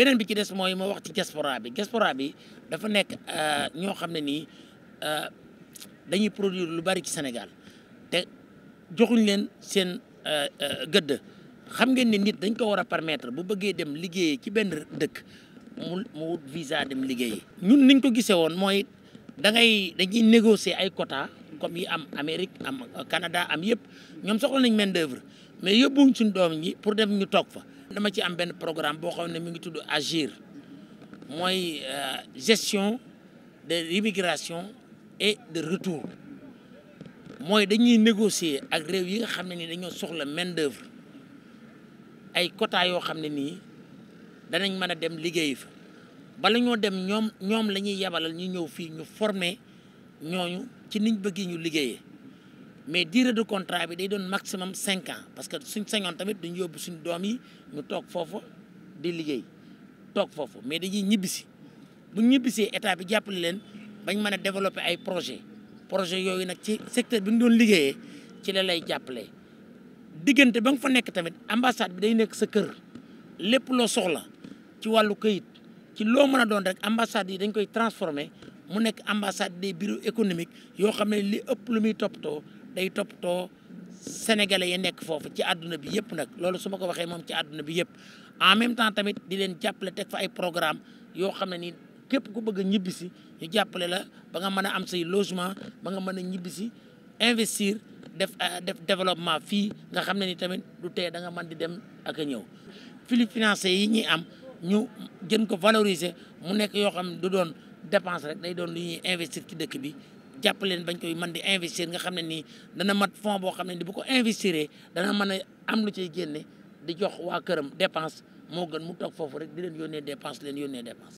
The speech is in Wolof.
beneen bi ci des mooy ma wax ci diaspora bi gespora bi dafa nekk euh, ñoo xam ne nii euh, dañuy produire lu bari ci Sénégal te joxuñ leen seen euh, gëdd xam ngeen ne nit dañ ko war a permettre bu bëggee dem liggéeye ci benn dëkk mu mu wut visa dem liggéeyi. ñun niñ ko gisee woon mooy da ngay dañuy négocier ay quota comme yi am Amérique am Canada am yëpp ñoom soxla nañ main d'œuvre mais yóbbuñ suñ doom ñi pour dem ñu toog fa. dama ci am benn programme boo xam ne mu ngi tudd agir mooy euh, gestion de l'immigration et de retour mooy dañuy négocier ak réew yi nga xam ne nii dañoo soxla main d'œuvre ay quota yoo xam ne nii danañ mën a dem liggéey fa bala ñoo dem ñoom ñoom la ñuy yebalal ñu ñëw fii ñu former ñooñu ci niñ bëggee ñu liggéeyee mais durée de contrat bi day doon maximum cinq ans parce que suñ sañoon tamit dañu yóbbu suñ doom yi ñu toog foofu di liggéey toog foofu mais dañuy ñibbisi bu ñibbisee état bi jàppale leen bañ mën a développer ay projet projet yooyu nag ci secteur bi ñu doon liggéeyee ci la lay jàppale diggante ba nga fa nekk tamit ambassade bi day nekk sa kër lépp loo soxla ci wàllu këyit ci loo mën a doon rek ambassade yi dañ koy transformer mu nekk ambassade des bureaux économiques yoo xam ne li ëpp lu muy toppatoo day topp too sénégalais yi nekk foofu ci àdduna bi yëpp nag loolu su ma ko waxee moom ci àdduna bi yëpp en même temps tamit di leen jàppale teg fa ay programme yoo xam ne nii képp ku bëgg a ñibbisi ñu jàppale la ba nga mën a am say logement ba nga mën a ñibbisi investir def euh, def développement fii nga xam ne ni tamit du tee da nga mën di dem ak ñëw fili financé yi ñuy am ñu jën ko valoriser mu nekk yoo xam ne du doon dépense rek day doon lu ñuy investir ci dëkk bi jàpp leen bañ koy mën di investir nga xam ne nii dana mat fon boo xam ne ni bu ko investir dana mën a am lu ciy génne di jox waa këram dépense moo gën mu toog foofu rek di leen yónnee dépense leen yónnee dépense